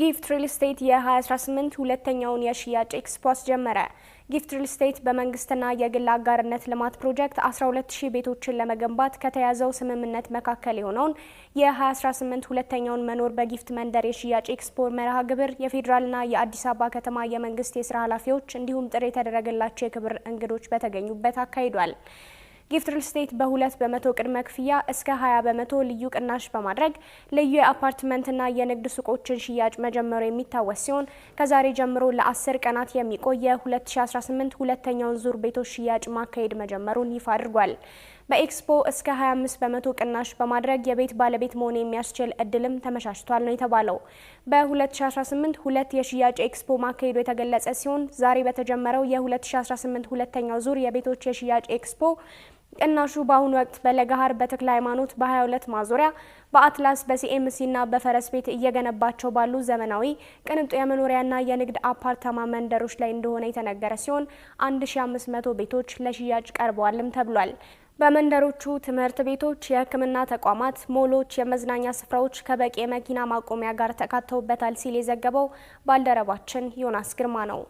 ጊፍት ሪል ስቴት የ2018 ሁለተኛውን የሽያጭ ኤክስፖ አስጀመረ። ጊፍት ሪል ስቴት በመንግስትና የግል አጋርነት ልማት ፕሮጀክት 12000 ቤቶችን ለመገንባት ከተያዘው ስምምነት መካከል የሆነውን የ2018 ሁለተኛውን መኖር በጊፍት መንደር የሽያጭ ኤክስፖ መርሃ ግብር የፌዴራልና የአዲስ አበባ ከተማ የመንግስት የስራ ኃላፊዎች እንዲሁም ጥሪ የተደረገላቸው የክብር እንግዶች በተገኙበት አካሂዷል። ጊፍት ሪል ስቴት በሁለት በመቶ ቅድመ ክፍያ እስከ 20 በመቶ ልዩ ቅናሽ በማድረግ ልዩ የአፓርትመንትና የንግድ ሱቆችን ሽያጭ መጀመሩ የሚታወስ ሲሆን ከዛሬ ጀምሮ ለ10 ቀናት የሚቆይ የ2018 ሁለተኛውን ዙር ቤቶች ሽያጭ ማካሄድ መጀመሩን ይፋ አድርጓል። በኤክስፖ እስከ 25 በመቶ ቅናሽ በማድረግ የቤት ባለቤት መሆን የሚያስችል እድልም ተመቻችቷል ነው የተባለው። በ2018 ሁለት የሽያጭ ኤክስፖ ማካሄዱ የተገለጸ ሲሆን ዛሬ በተጀመረው የ2018 ሁለተኛው ዙር የቤቶች የሽያጭ ኤክስፖ ቅናሹ በአሁኑ ወቅት በለጋሃር በተክለ ሃይማኖት በ22 ማዞሪያ በአትላስ በሲኤምሲና በፈረስ ቤት እየገነባቸው ባሉ ዘመናዊ ቅንጡ የመኖሪያና የንግድ አፓርታማ መንደሮች ላይ እንደሆነ የተነገረ ሲሆን 1500 ቤቶች ለሽያጭ ቀርበዋልም ተብሏል። በመንደሮቹ ትምህርት ቤቶች፣ የሕክምና ተቋማት፣ ሞሎች፣ የመዝናኛ ስፍራዎች ከበቂ የመኪና ማቆሚያ ጋር ተካተውበታል ሲል የዘገበው ባልደረባችን ዮናስ ግርማ ነው።